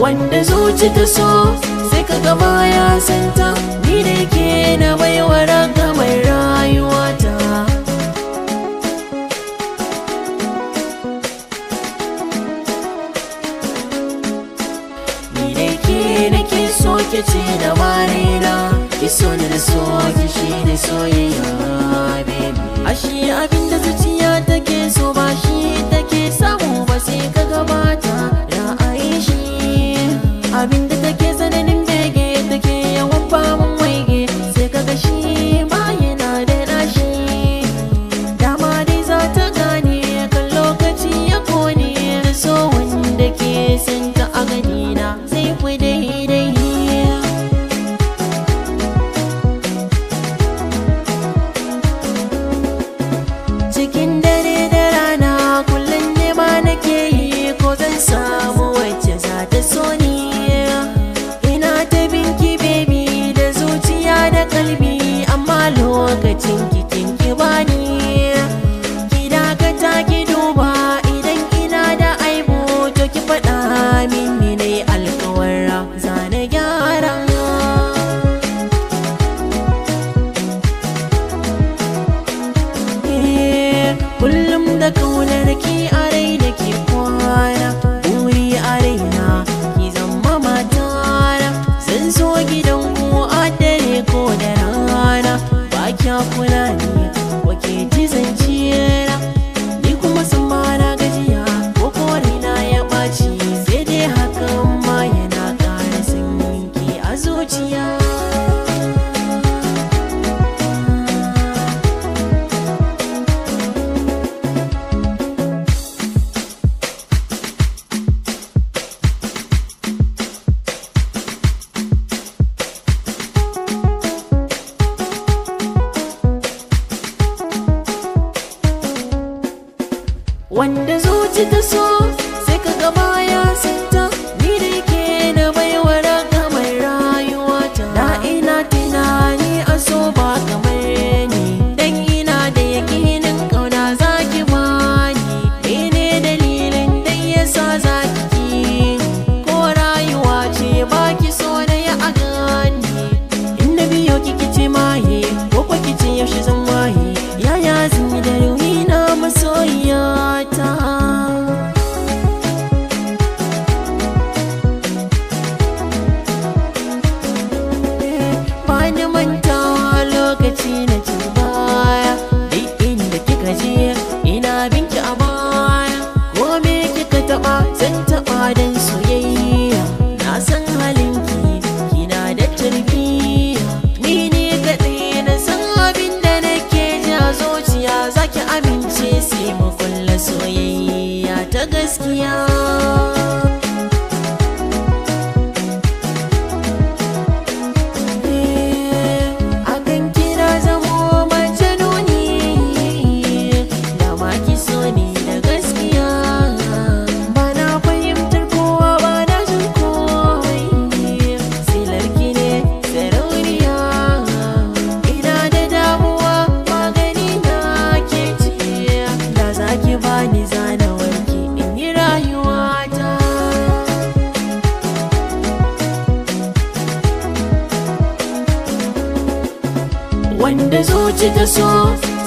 wanda zuci ta so sai ka gama ya santa ni da ke na baiwa raga mai rayuwata ni da ke nake so ke ce da warina ki so da so ki shi ne soyayya baby key. I'm da zuci ta so